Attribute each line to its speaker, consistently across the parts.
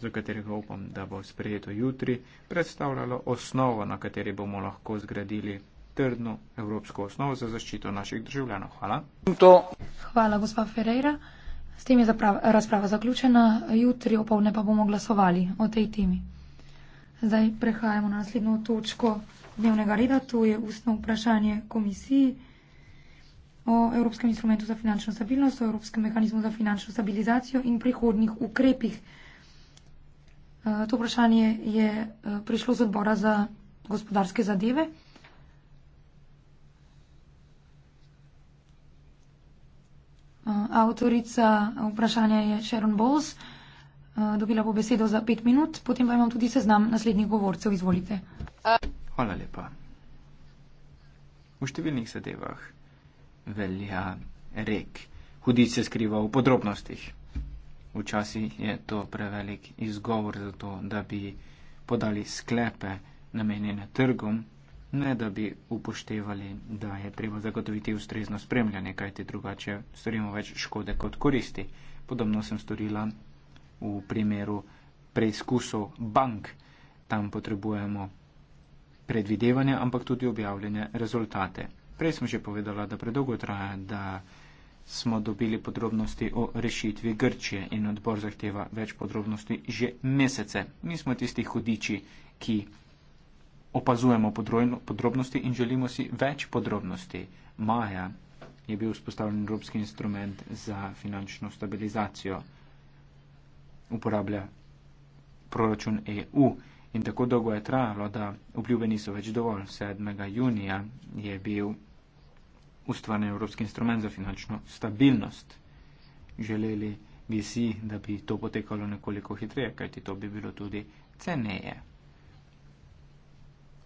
Speaker 1: za katerega upam, da bo sprejeto jutri, predstavljalo osnovo, na kateri bomo lahko zgradili trdno evropsko osnovo za zaščito naših državljanov. Hvala.
Speaker 2: Hvala, gospa Ferreira. S tem je razprava zaključena. Jutri opovne pa bomo glasovali o tej temi. Zdaj prehajamo na naslednjo točko dnevnega reda. To je ustno vprašanje komisiji o Evropskem instrumentu za finančno stabilnost, o Evropskem mehanizmu za finančno stabilizacijo in prihodnih ukrepih. To vprašanje je eh, prišlo z odbora za gospodarske zadeve. Eh, avtorica vprašanja je Sharon Bowles. Eh, dobila bo besedo za pet minut, potem pa imam tudi seznam naslednjih govorcev. Izvolite.
Speaker 1: Hvala lepa. V številnih zadevah velja rek. Hudič se skriva v podrobnostih. Včasih je to prevelik izgovor za to, da bi podali sklepe namenjene trgom, ne da bi upoštevali, da je treba zagotoviti ustrezno spremljanje, kajti drugače storimo več škode kot koristi. Podobno sem storila v primeru preizkusov bank. Tam potrebujemo predvidevanje, ampak tudi objavljene rezultate. Prej sem že povedala, da predolgo traja, da smo dobili podrobnosti o rešitvi Grčije in odbor zahteva več podrobnosti že mesece. Mi smo tisti hudiči, ki opazujemo podrobnosti in želimo si več podrobnosti. Maja je bil vzpostavljen Evropski instrument za finančno stabilizacijo, uporablja proračun EU. In tako dolgo je trajalo, da obljube niso več dovolj. 7. junija je bil ustvarjen evropski instrument za finančno stabilnost. Želeli bi si, da bi to potekalo nekoliko hitreje, kajti to bi bilo tudi ceneje.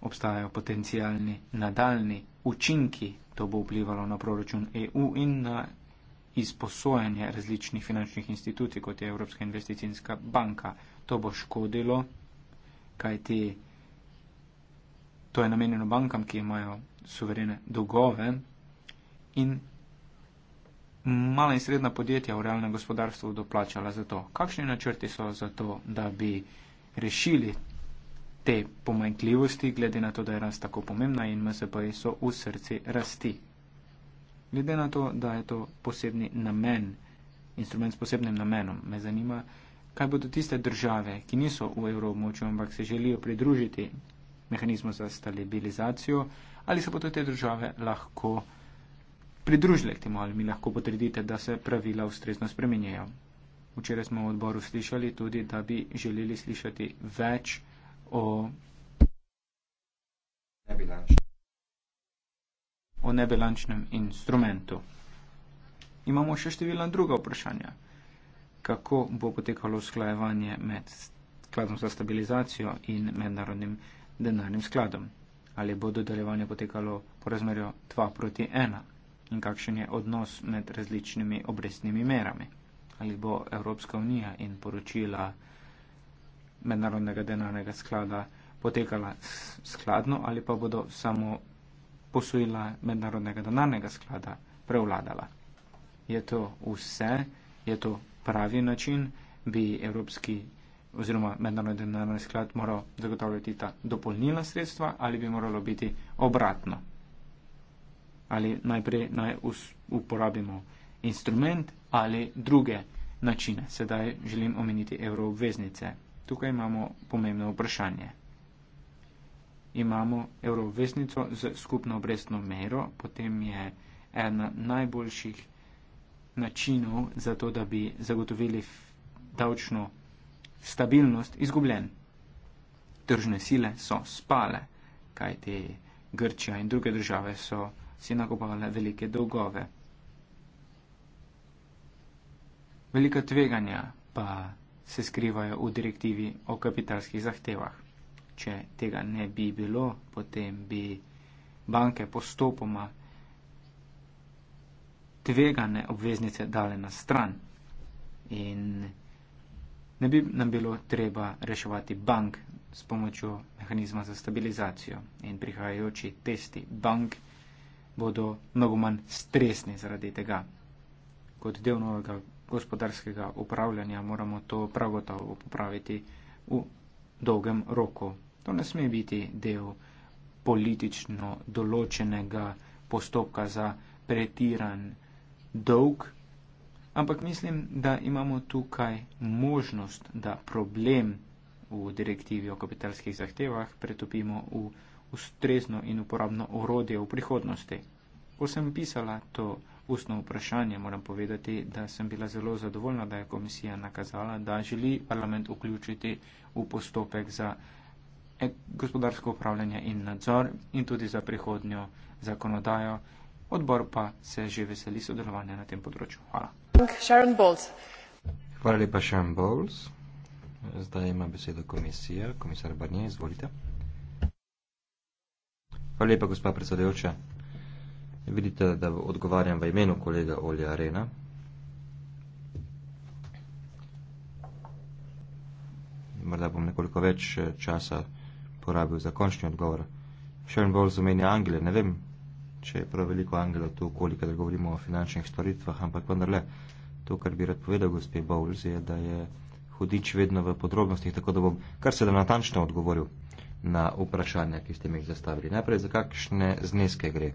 Speaker 1: Obstajajo potencijalni nadaljni učinki, to bo vplivalo na proračun EU in na izposojanje različnih finančnih institucij, kot je Evropska investicijska banka. To bo škodilo, kajti to je namenjeno bankam, ki imajo suverene dogove in mala in srednja podjetja v realnem gospodarstvu doplačala za to. Kakšni načrti so za to, da bi rešili te pomanjkljivosti, glede na to, da je rast tako pomembna in MSP so v srci rasti? Glede na to, da je to posebni namen, instrument s posebnim namenom, me zanima, kaj bodo tiste države, ki niso v evroobmočju, ampak se želijo pridružiti mehanizmu za stabilizacijo, ali se bodo te države lahko pridružili pridružile k temu, ali mi lahko potrdite, da se pravila ustrezno spremenjajo. Včeraj smo v odboru slišali tudi, da bi želeli slišati več o, o nebilančnem instrumentu. Imamo še številna druga vprašanja. Kako bo potekalo usklajevanje med skladom za stabilizacijo in mednarodnim denarnim skladom? Ali bo dodeljevanje potekalo po razmerju 2 proti 1? in kakšen je odnos med različnimi obrestnimi merami. Ali bo Evropska unija in poročila mednarodnega denarnega sklada potekala skladno ali pa bodo samo posojila mednarodnega denarnega sklada prevladala. Je to vse, je to pravi način, bi Evropski oziroma mednarodni denarni sklad moral zagotavljati ta dopolnila sredstva ali bi moralo biti obratno ali najprej naj uporabimo instrument ali druge načine. Sedaj želim omeniti evroobveznice. Tukaj imamo pomembno vprašanje. Imamo evroobveznico z skupno obrestno mero, potem je ena najboljših načinov za to, da bi zagotovili davčno stabilnost izgubljen. Tržne sile so spale, kajti Grčija in druge države so spale si nagovarjale velike dolgove. Velika tveganja pa se skrivajo v direktivi o kapitalskih zahtevah. Če tega ne bi bilo, potem bi banke postopoma tvegane obveznice dale na stran in ne bi nam bilo treba reševati bank s pomočjo mehanizma za stabilizacijo in prihajajoči testi bank bodo mnogo manj stresni zaradi tega. Kot del novega gospodarskega upravljanja moramo to prav gotovo popraviti v dolgem roku. To ne sme biti del politično določenega postopka za pretiran dolg, ampak mislim, da imamo tukaj možnost, da problem v direktivi o kapitalskih zahtevah pretopimo v ustrezno in uporabno orodje v prihodnosti. Ko sem pisala to ustno vprašanje, moram povedati, da sem bila zelo zadovoljna, da je komisija nakazala, da želi parlament vključiti v postopek za e-, gospodarsko upravljanje in nadzor in tudi za prihodnjo zakonodajo. Odbor pa se že veseli sodelovanja na tem področju.
Speaker 3: Hvala. Hvala lepa, Sharon Bowles. Zdaj ima besedo komisija. Komisar Barnier, izvolite. Hvala lepa, gospa predsedujoča. Vidite, da odgovarjam v imenu kolega Olja Arena. Morda bom nekoliko več eh, časa porabil za končni odgovor. Sharon Bowles omenja angele. Ne vem, če je prav veliko angelov tu, koliko da govorimo o finančnih storitvah, ampak vendarle, to, kar bi rad povedal gospe Bowles, je, da je hudič vedno v podrobnostih, tako da bom kar se da natančno odgovoril na vprašanja, ki ste mi jih zastavili. Najprej, za kakšne zneske gre,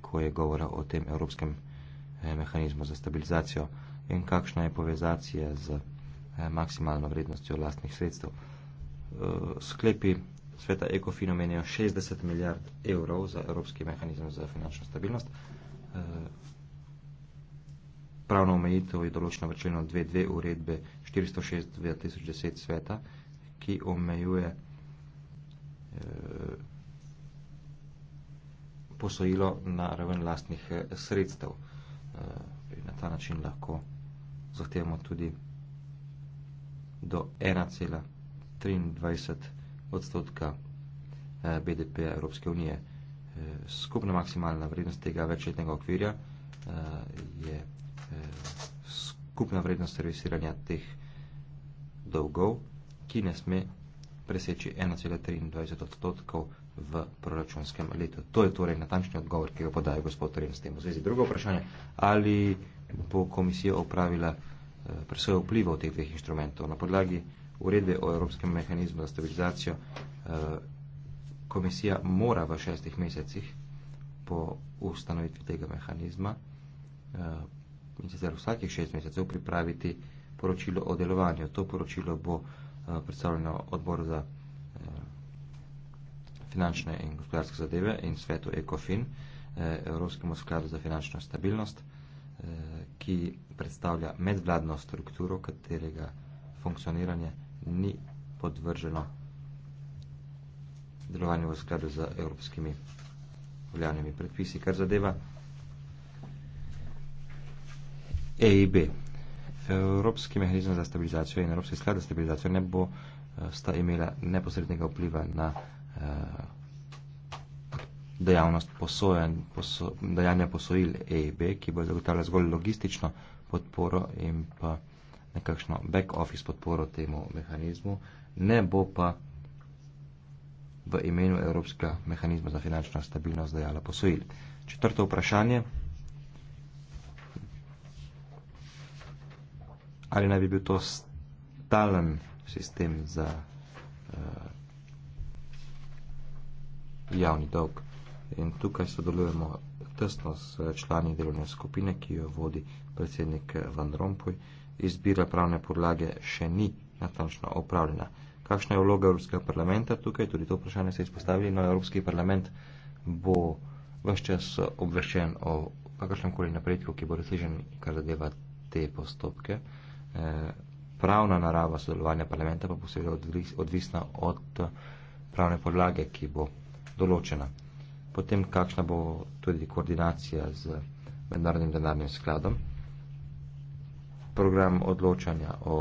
Speaker 3: ko je govora o tem evropskem eh, mehanizmu za stabilizacijo in kakšna je povezacija z eh, maksimalno vrednostjo lastnih sredstev. Eh, sklepi sveta ECOFIN omenjajo 60 milijard evrov za evropski mehanizem za finančno stabilnost. Pravno omejitev je določena v členu 2.2 uredbe 460 2010 sveta, ki omejuje Eh, posojilo na raven lastnih eh, sredstev. Eh, in na ta način lahko zahtevamo tudi do 1,23 odstotka BDP Evropske unije. Skupna maksimalna vrednost tega večletnega okvirja je skupna vrednost servisiranja teh dolgov, ki ne sme preseči 1,23 odstotkov v proračunskem letu. To je torej natančni odgovor, ki ga podaja gospod Torin s tem v zvezi. Drugo vprašanje, ali bo komisija opravila eh, presojo vplivov teh dveh inštrumentov na podlagi uredbe o Evropskem mehanizmu za stabilizacijo. Eh, komisija mora v šestih mesecih po ustanovitvi tega mehanizma eh, in sicer vsakih šest mesecev pripraviti poročilo o delovanju. To poročilo bo Eh, predstavljeno odboru za eh, finančne in gospodarske zadeve in svetu ECOFIN, eh, Evropskemu skladu za finančno stabilnost, ki predstavlja medvladno strukturo, katerega funkcioniranje ni podvrženo delovanju v skladu z evropskimi veljavnimi predpisi, kar zadeva EIB evropski mehanizem za stabilizacijo in evropski sklad za stabilizacijo ne bo eh, sta imela neposrednega vpliva na eh, dejavnost posojen, poso, dajanja posojil EIB, ki bo zagotavlja zgolj logistično podporo in pa nekakšno back-office podporo temu mehanizmu, ne bo pa v imenu Evropska mehanizma za finančno stabilnost dajala posojil. Četrto vprašanje. ali naj bi bil to stalen sistem za uh, javni dolg. In tukaj sodelujemo tesno s člani delovne skupine, ki jo vodi predsednik eh, Van Rompuy. Izbira pravne podlage še ni natančno opravljena. Kakšna je vloga Evropskega parlamenta tukaj? Tudi to vprašanje se izpostavili. No, Evropski parlament bo vse čas obveščen o kakršnem koli napredku, ki bo razližen, kar zadeva te postopke. Uh, Eh, pravna narava sodelovanja parlamenta pa bo seveda odvisna od eh, pravne podlage, ki bo določena. Potem, kakšna bo tudi koordinacija z mednarodnim denarnim skladom, program odločanja o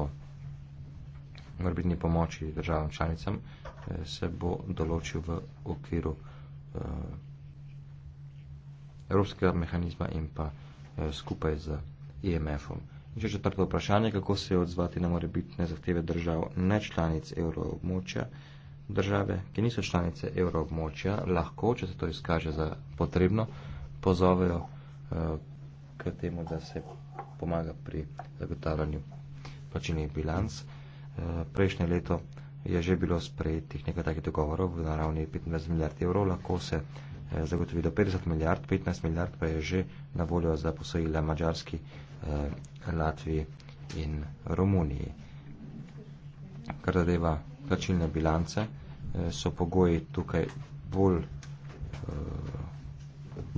Speaker 3: morbidni pomoči državam članicam eh, se bo določil v okviru evropskega mehanizma in pa skupaj z IMF-om. In še četrto vprašanje, kako se je odzvati na morebitne zahteve držav ne članic evroobmočja. Države, ki niso članice evroobmočja, lahko, če se to izkaže za potrebno, pozovejo uh, k temu, da se pomaga pri zagotavljanju plačilnih bilanc. Uh, prejšnje leto je že bilo sprejetih nekaj takih dogovorov v naravni 15 milijard evrov, lahko se uh, zagotovi do 50 milijard, 15 milijard pa je že na voljo za posojila Mačarski Eh, Latviji in Romuniji. Kar zadeva plačilne bilance, eh, so pogoji tukaj bolj eh,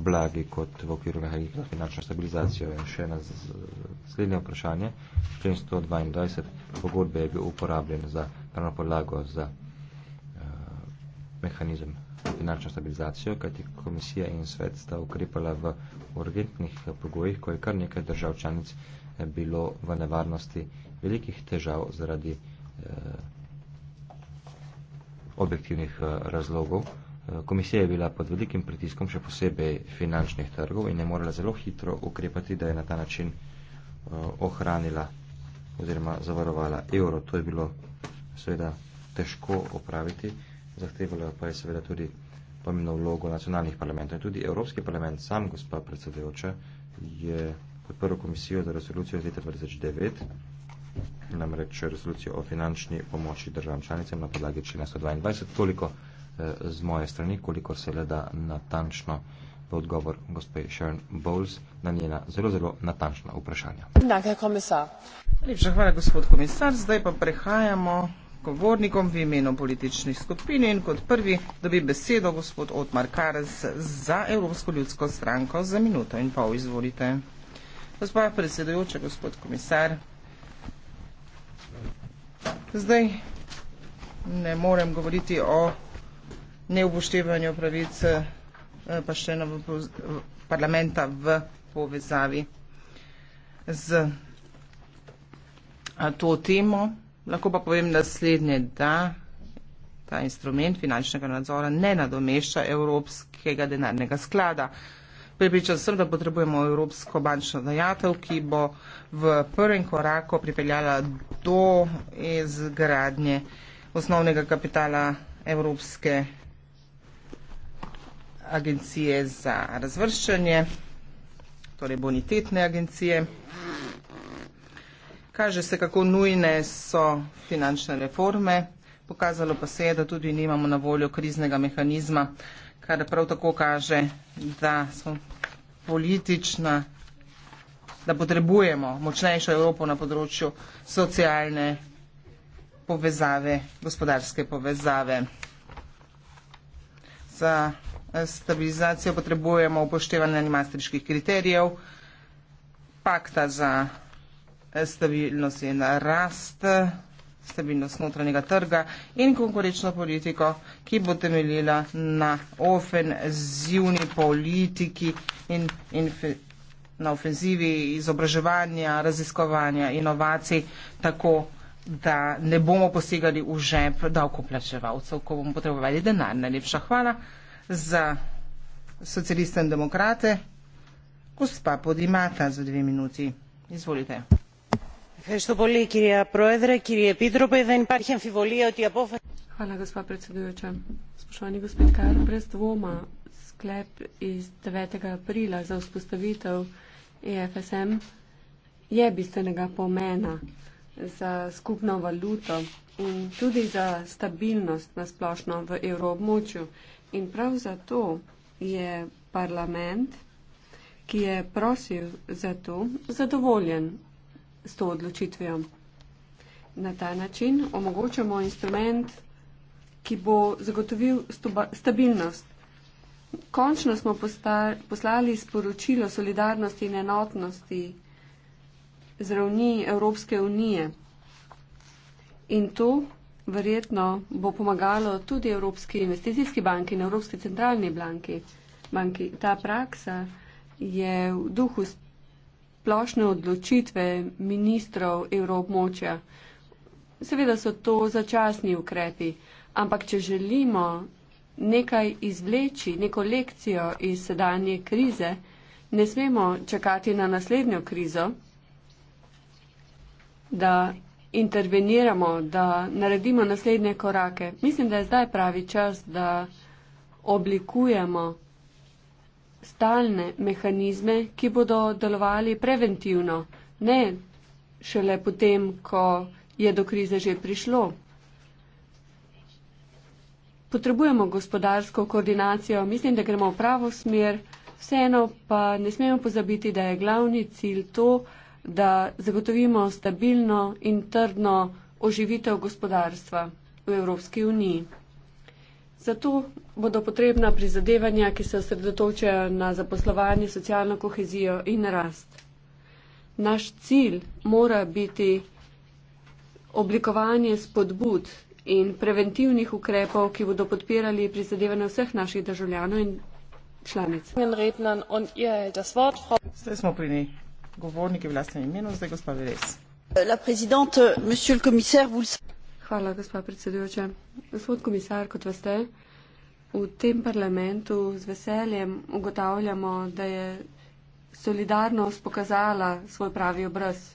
Speaker 3: blagi kot v okviru mehanizma finančne stabilizacije. In še na slednje vprašanje, člen 122 pogodbe je bil uporabljen za pravno podlago za mehanizem finančno stabilizacijo, kajti komisija in svet sta ukrepala v urgentnih pogojih, ko je kar nekaj držav članic eh, bilo v nevarnosti velikih težav zaradi eh, objektivnih eh, razlogov. Eh, komisija je bila pod velikim pritiskom, še posebej finančnih trgov, in je morala zelo hitro ukrepati, da je na ta način eh, ohranila oziroma zavarovala evro. To je bilo seveda težko opraviti zahtevalo pa je seveda tudi pomembno vlogo nacionalnih parlamentov. In tudi Evropski parlament sam, gospa predsedujoča, je podprl komisijo za resolucijo iz leta 2009, namreč resolucijo o finančni pomoči državam članicam na podlagi člena 122. Toliko eh, z moje strani, koliko se le da natančno v odgovor gospe Sharon Bowles na njena zelo, zelo natančna vprašanja. Najprej komisar.
Speaker 4: Lepša hvala, gospod komisar. Zdaj pa prehajamo govornikom v imenu političnih skupin in kot prvi dobi besedo gospod Otmar Karas za Evropsko ljudsko stranko za minuto in pol. Izvolite. Gospod predsedujoča, gospod komisar. Zdaj ne morem govoriti o neupoštevanju pravic eh, pa še na parlamenta v povezavi z eh, to temo, Lahko pa povem naslednje, da ta instrument finančnega nadzora ne nadomešča Evropskega denarnega sklada. Pripričan sem, da potrebujemo Evropsko bančno dajatev, ki bo v prvem koraku pripeljala do izgradnje osnovnega kapitala Evropske agencije za razvrščanje, torej bonitetne agencije. Kaže se, kako nujne so finančne reforme, pokazalo pa se je, da tudi nimamo na voljo kriznega mehanizma, kar prav tako kaže, da smo politična, da potrebujemo močnejšo Evropo na področju socialne povezave, gospodarske povezave. Za eh, stabilizacijo potrebujemo upoštevanje maastriških kriterijev, pakta za stabilnost in rast, stabilnost notranjega trga in konkurenčno politiko, ki bo temeljila na ofenzivni politiki in, in na ofenzivi izobraževanja, raziskovanja, inovacij, tako da ne bomo posegali v žep davkoplačevalcev, ko bomo potrebovali denar. Najlepša hvala za socialiste in demokrate. Gospa Podimata za dve minuti. Izvolite
Speaker 2: gospa predsedujoča. spoštovani gospod kar brez dvoma sklep iz devetega aprila za vzpostavitev efsm je bistvenega pomena za skupno valuto in tudi za stabilnost na splošno v evroobmočju in prav zato je parlament ki je prosil za to zadovoljen s to odločitvijo. Na ta način omogočamo instrument, ki bo zagotovil stabilnost. Končno smo poslali sporočilo solidarnosti in enotnosti z ravni Evropske unije. In to verjetno bo pomagalo tudi Evropski investicijski banki in Evropski centralni banki. banki. Ta praksa je v duhu splošne odločitve ministrov evroobmočja. Seveda so to začasni ukrepi, ampak če želimo nekaj izvleči, neko lekcijo iz sedanje krize, ne smemo čakati na naslednjo krizo, da interveniramo, da naredimo naslednje korake. Mislim, da je zdaj pravi čas, da oblikujemo stalne mehanizme, ki bodo delovali preventivno, ne šele potem, ko je do krize že prišlo. Potrebujemo gospodarsko koordinacijo, mislim, da gremo v pravo smer, vseeno pa ne smemo pozabiti, da je glavni cilj to, da zagotovimo stabilno in trdno oživitev gospodarstva v Evropski uniji. Zato bodo potrebna prizadevanja, ki se osredotočajo na zaposlovanje, socialno kohezijo in rast. Naš cilj mora biti oblikovanje spodbud in preventivnih ukrepov, ki bodo podpirali prizadevanje vseh naših državljanov in članic. Zdaj smo
Speaker 4: pri njej. Govorniki v lastnem imenu, zdaj gospod Veres.
Speaker 2: La prezidente, monsieur le commissaire, vous le savez. Hvala, gospod predsedujoče. Gospod komisar, kot veste, v tem parlamentu z veseljem ugotavljamo, da je solidarnost pokazala svoj pravi obraz.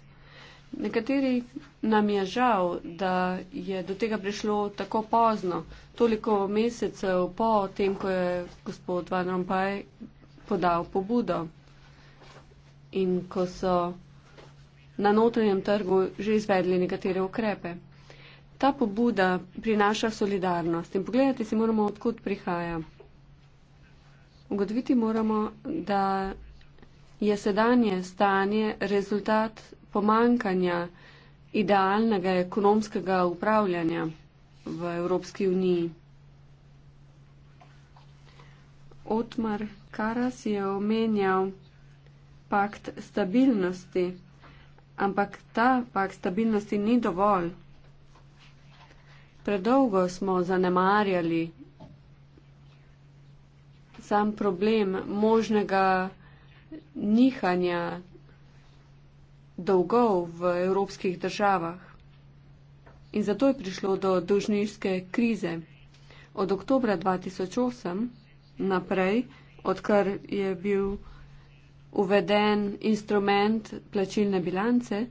Speaker 2: Nekateri nam je žal, da je do tega prišlo tako pozno, toliko mesecev po tem, ko je gospod Van Rompuy podal pobudo in ko so na notranjem trgu že izvedli nekatere ukrepe ta pobuda prinaša solidarnost in pogledati si moramo, odkud prihaja. Ugotoviti moramo, da je sedanje stanje rezultat pomankanja idealnega ekonomskega upravljanja v Evropski uniji. Otmar Karas je omenjal pakt stabilnosti, ampak ta pakt stabilnosti ni dovolj. Predolgo smo zanemarjali sam problem možnega nihanja dolgov v evropskih državah. In zato je prišlo do dožniške krize. Od oktobra 2008 naprej, odkar je bil uveden instrument plačilne bilance,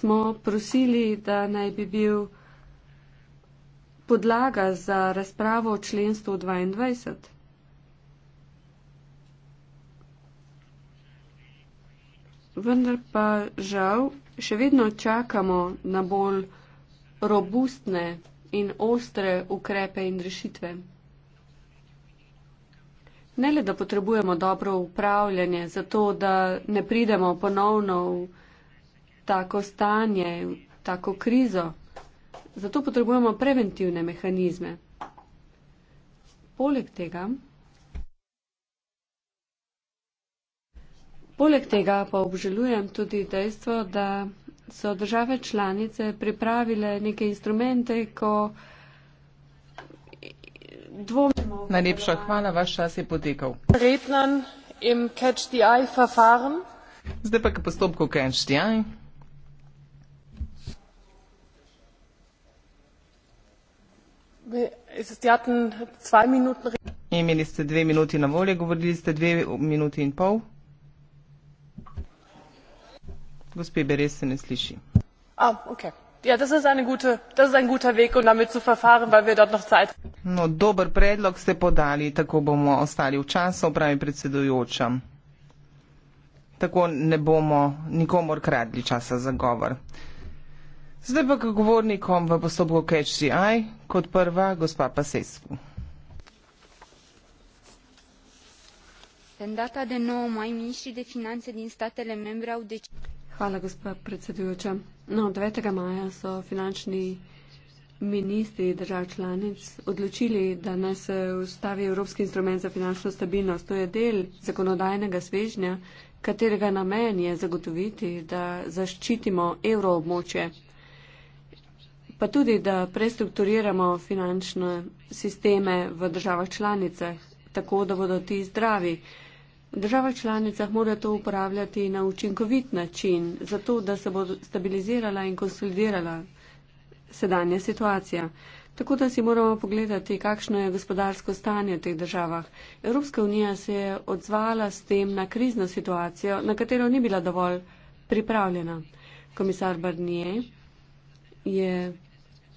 Speaker 2: smo prosili, da naj bi bil podlaga za razpravo o člen 122? Vendar pa žal še vedno čakamo na bolj robustne in ostre ukrepe in rešitve. Ne le, da potrebujemo dobro upravljanje, zato da ne pridemo ponovno v tako stanje, v tako krizo. Zato potrebujemo preventivne mehanizme. Poleg tega, poleg tega pa obžalujem tudi dejstvo, da so države članice pripravile neke instrumente, ko dvomimo. Najlepša
Speaker 4: hvala, vaš čas je potekal.
Speaker 2: Rednan im Catch the Eye verfahren.
Speaker 4: Zdaj pa k postopku Catch the Eye. Imeli ste dve minuti na volje, govorili ste dve minuti in pol. Gospe Beres se ne sliši.
Speaker 2: Ah, ok. Ja, das ist eine gute, das ist ein guter Weg, um damit zu verfahren, weil wir dort noch Zeit haben.
Speaker 4: No, dober predlog ste podali, tako bomo ostali v času, pravi predsedujoča. Tako ne bomo nikomor kradli časa za govor. Zdaj pa k govornikom v postopku KHCI, kot prva gospa Pasescu.
Speaker 2: Hvala, gospa predsedujoča. No, 9. maja so finančni ministri držav članic odločili, da naj se ustavi Evropski instrument za finančno stabilnost. To je del zakonodajnega svežnja, katerega namen je zagotoviti, da zaščitimo evroobmočje. območje pa tudi, da prestrukturiramo finančne sisteme v državah članicah, tako da bodo ti zdravi. V državah članicah mora to uporabljati na učinkovit način, zato da se bo stabilizirala in konsolidirala sedanja situacija. Tako da si moramo pogledati, kakšno je gospodarsko stanje v teh državah. Evropska unija se je odzvala s tem na krizno situacijo, na katero ni bila dovolj pripravljena. Komisar Barnier je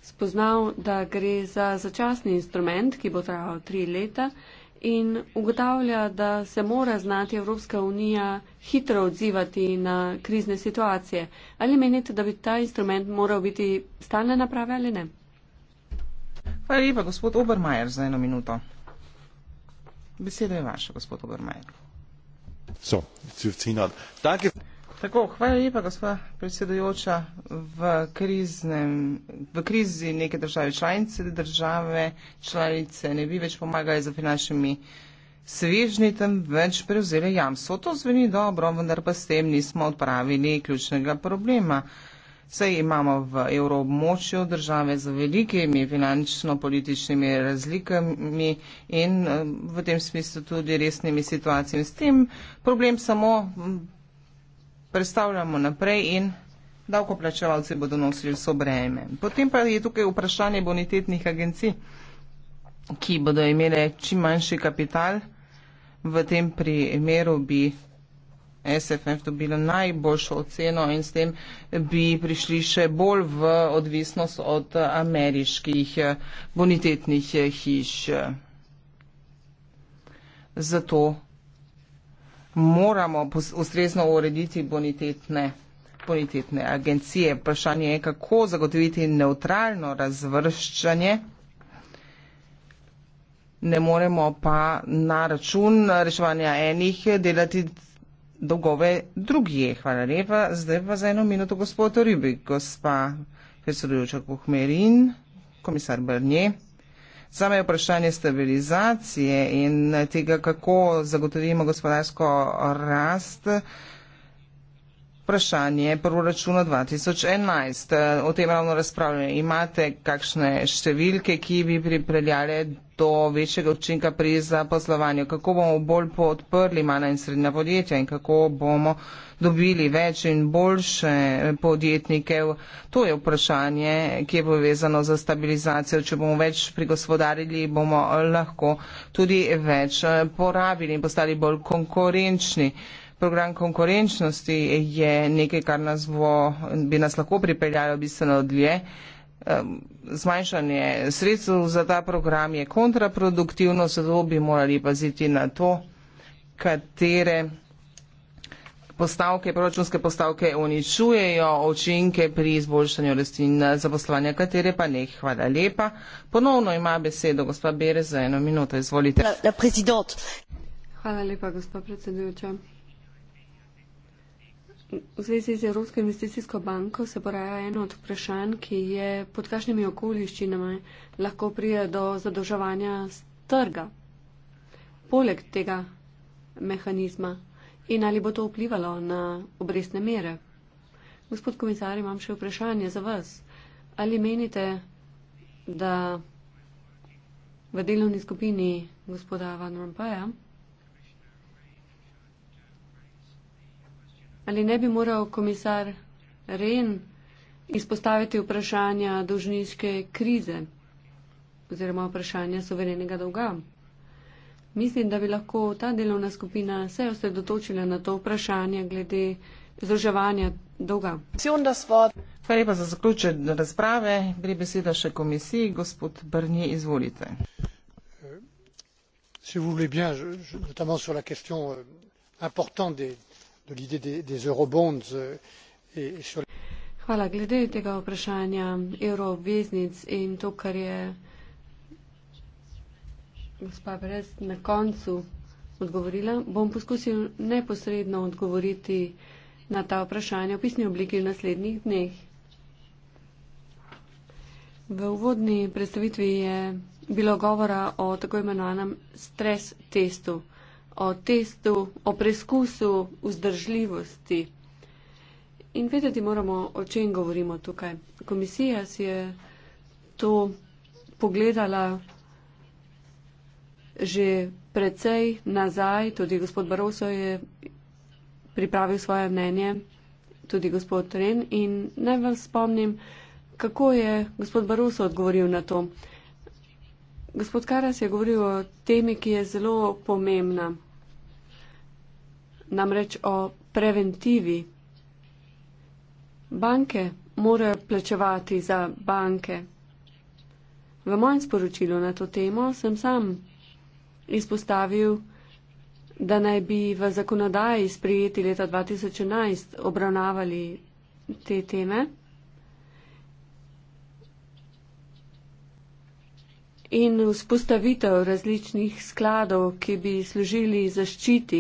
Speaker 2: spoznal, da gre za začasni instrument, ki bo trajal tri leta in ugotavlja, da se mora znati Evropska unija hitro odzivati na krizne situacije. Ali menite, da bi ta instrument moral biti stalne naprave ali ne?
Speaker 4: Hvala lepa, gospod Obermajer, za eno minuto. Beseda je vaša, gospod Obermajer.
Speaker 3: So, 15 minut. Tako je. Tako, hvala
Speaker 4: lepa, gospod predsedujoča. V, kriznem, v krizi neke države članice, države članice ne bi več pomagali za finančnimi svežnji, temveč prevzeli jamstvo. To zveni dobro, vendar pa s tem nismo odpravili ključnega problema. Sej imamo v evroobmočju države z velikimi finančno-političnimi razlikami in eh, v tem smislu tudi resnimi situacijami. S tem problem samo predstavljamo naprej in davkoplačevalci bodo nosili vso breme. Potem pa je tukaj vprašanje bonitetnih agencij, ki bodo imele čim manjši kapital. V tem primeru bi SFF dobila najboljšo oceno in s tem bi prišli še bolj v odvisnost od ameriških bonitetnih hiš. Zato moramo ustrezno urediti bonitetne, bonitetne agencije. Vprašanje je, kako zagotoviti neutralno razvrščanje. Ne moremo pa na račun reševanja enih delati dolgove drugih. Hvala lepa. Zdaj pa za eno minuto gospod Ribik, gospa Pesorujoča Kuhmerin, komisar Brnje. Same vprašanje stabilizacije in tega, kako zagotovimo gospodarsko rast, vprašanje proračuna 2011. O tem ravno razpravljamo. Imate kakšne številke, ki bi pripeljale do večjega učinka pri zaposlovanju? Kako bomo bolj podprli mala in srednja podjetja in kako bomo dobili več in boljše podjetnike? To je vprašanje, ki je povezano za stabilizacijo. Če bomo več prigospodarili, bomo lahko tudi več porabili in postali bolj konkurenčni. Program konkurenčnosti je nekaj, kar nas bo, bi nas lahko pripeljalo bistveno dlje. Zmanjšanje sredstev za ta program je kontraproduktivno, zato bi morali paziti na to, katere postavke, proračunske postavke uničujejo očinke pri izboljšanju rasti in zaposlovanja, katere pa ne. Hvala lepa. Ponovno ima besedo gospa Bere za eno minuto. Izvolite. La, la
Speaker 2: Hvala lepa, gospa predsedujoča. V zvezi z Evropsko investicijsko banko se poraja eno od vprašanj, ki je pod kakšnimi okoliščinami lahko prije do zadolževanja trga, poleg tega mehanizma in ali bo to vplivalo na obrestne mere. Gospod komisar, imam še vprašanje za vas. Ali menite, da v delovni skupini gospoda Van Rompaja ali ne bi moral komisar Ren izpostaviti vprašanja dolžniške krize oziroma vprašanja soverenega dolga. Mislim, da bi lahko ta delovna skupina se osredotočila na to vprašanje glede združevanja dolga.
Speaker 4: Hvala lepa za zaključek razprave. Gre beseda še komisiji. Gospod Brnje, izvolite.
Speaker 2: Si vous voulez bien, je, je, notamment sur la question euh, importante des, de l'idée des, des eurobonds euh, et sur Hvala, glede tega vprašanja euroobveznic in to, kar je gospa Brez na koncu odgovorila, bom poskusil neposredno odgovoriti na ta vprašanja v pisni obliki v naslednjih dneh. V uvodni predstavitvi je bilo govora o tako imenovanem stres testu o testu, o preskusu vzdržljivosti. In vedeti moramo, o čem govorimo tukaj. Komisija si je to pogledala že precej nazaj, tudi gospod Baroso je pripravil svoje mnenje, tudi gospod Ren. In naj vam spomnim, kako je gospod Baroso odgovoril na to. Gospod Karas je govoril o temi, ki je zelo pomembna, namreč o preventivi. Banke morajo plačevati za banke. V mojem sporočilu na to temo sem sam izpostavil, da naj bi v zakonodaji sprijeti leta 2011 obravnavali te teme. in vzpostavitev različnih skladov, ki bi služili zaščiti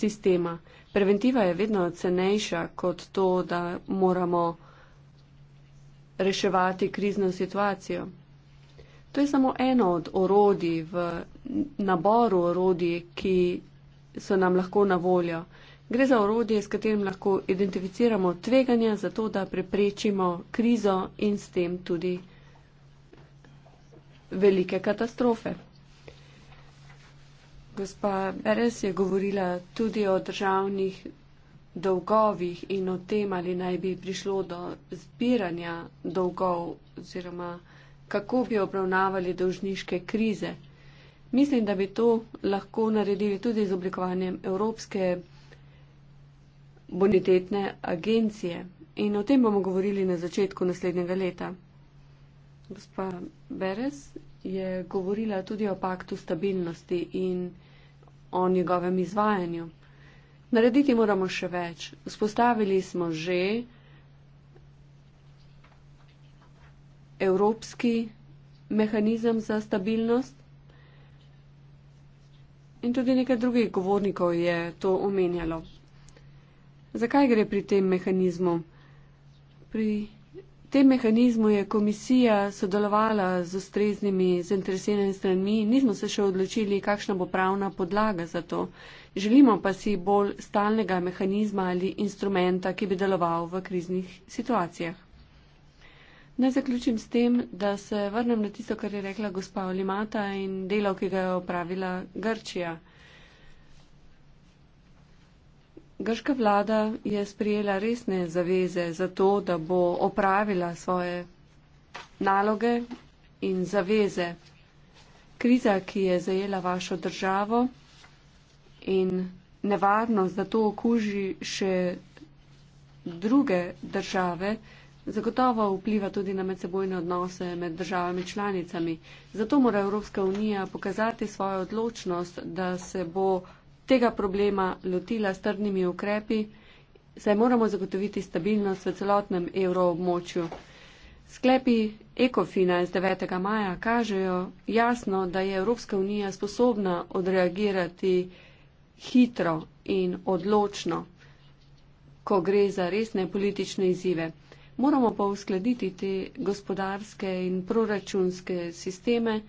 Speaker 2: sistema. Preventiva je vedno cenejša kot to, da moramo reševati krizno situacijo. To je samo eno od orodij v naboru orodij, ki so nam lahko na voljo. Gre za orodje, s katerim lahko identificiramo tveganja, zato da preprečimo krizo in s tem tudi velike katastrofe. Gospa Beres je govorila tudi o državnih dolgovih in o tem, ali naj bi prišlo do zbiranja dolgov oziroma kako bi obravnavali dolžniške krize. Mislim, da bi to lahko naredili tudi z oblikovanjem Evropske bonitetne agencije. In o tem bomo govorili na začetku naslednjega leta. Gospa Beres je govorila tudi o paktu stabilnosti in o njegovem izvajanju. Narediti moramo še več. Vzpostavili smo že evropski mehanizem za stabilnost in tudi nekaj drugih govornikov je to omenjalo. Zakaj gre pri tem mehanizmu? Pri tem mehanizmu je komisija sodelovala z ustreznimi zainteresiranimi stranmi, nismo se še odločili, kakšna bo pravna podlaga za to. Želimo pa si bolj stalnega mehanizma ali instrumenta, ki bi deloval v kriznih situacijah. Naj zaključim s tem, da se vrnem na tisto, kar je rekla gospa Olimata in delo, ki ga je opravila Grčija. Grška vlada je sprijela resne zaveze za to, da bo opravila svoje naloge in zaveze. Kriza, ki je zajela vašo državo in nevarnost, da to okuži še druge države, zagotovo vpliva tudi na medsebojne odnose med državami članicami. Zato mora Evropska unija pokazati svojo odločnost, da se bo tega problema lotila s trdnimi ukrepi, saj moramo zagotoviti stabilnost v celotnem evroobmočju. Sklepi Ekofina iz 9. maja kažejo jasno, da je Evropska unija sposobna odreagirati hitro in odločno, ko gre za resne politične izzive. Moramo pa uskladiti te gospodarske in proračunske sisteme,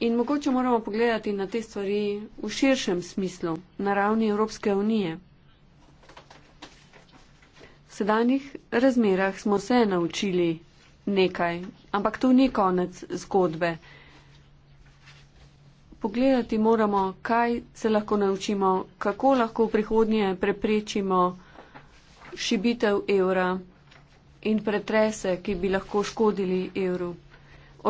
Speaker 2: In mogoče moramo pogledati na te stvari v širšem smislu, na ravni Evropske unije. V sedanjih razmerah smo se naučili nekaj, ampak to ni konec zgodbe. Pogledati moramo, kaj se lahko naučimo, kako lahko v prihodnje preprečimo šibitev evra in pretrese, ki bi lahko škodili evru.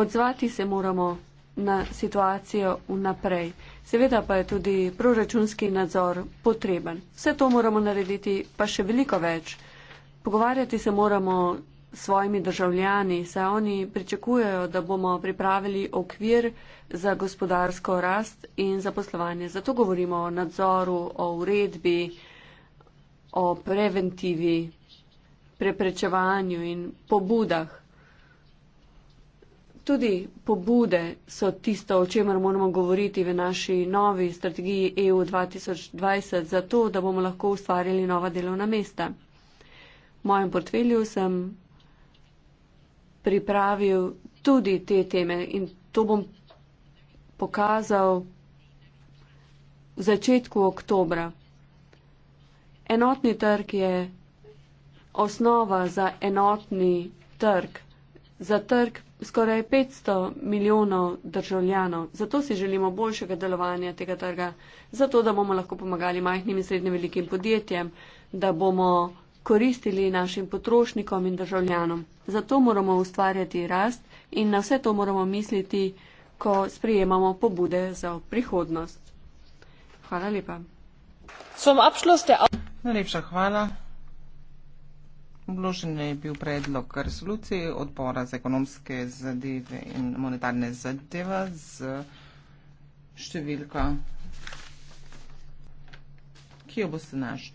Speaker 2: Odzvati se moramo na situacijo vnaprej. Seveda pa je tudi proračunski nadzor potreben. Vse to moramo narediti, pa še veliko več. Pogovarjati se moramo s svojimi državljani, saj oni pričakujejo, da bomo pripravili okvir za gospodarsko rast in zaposlovanje. Zato govorimo o nadzoru, o uredbi, o preventivi, preprečevanju in pobudah tudi pobude so tisto, o čemer moramo govoriti v naši novi strategiji EU 2020, zato da bomo lahko ustvarjali nova delovna mesta. V mojem portfelju sem pripravil tudi te teme in to bom pokazal v začetku oktobra. Enotni trg je osnova za enotni trg, za trg skoraj 500 milijonov državljanov. Zato si želimo boljšega delovanja tega trga, zato da bomo lahko pomagali majhnim in srednjim velikim podjetjem, da bomo koristili našim potrošnikom in državljanom. Zato moramo ustvarjati rast in na vse to moramo misliti, ko sprejemamo pobude za prihodnost. Hvala lepa. Najlepša hvala. Vložen je bil
Speaker 4: predlog resolucije odbora za ekonomske zadeve in monetarne zadeve z številko, ki jo boste našli.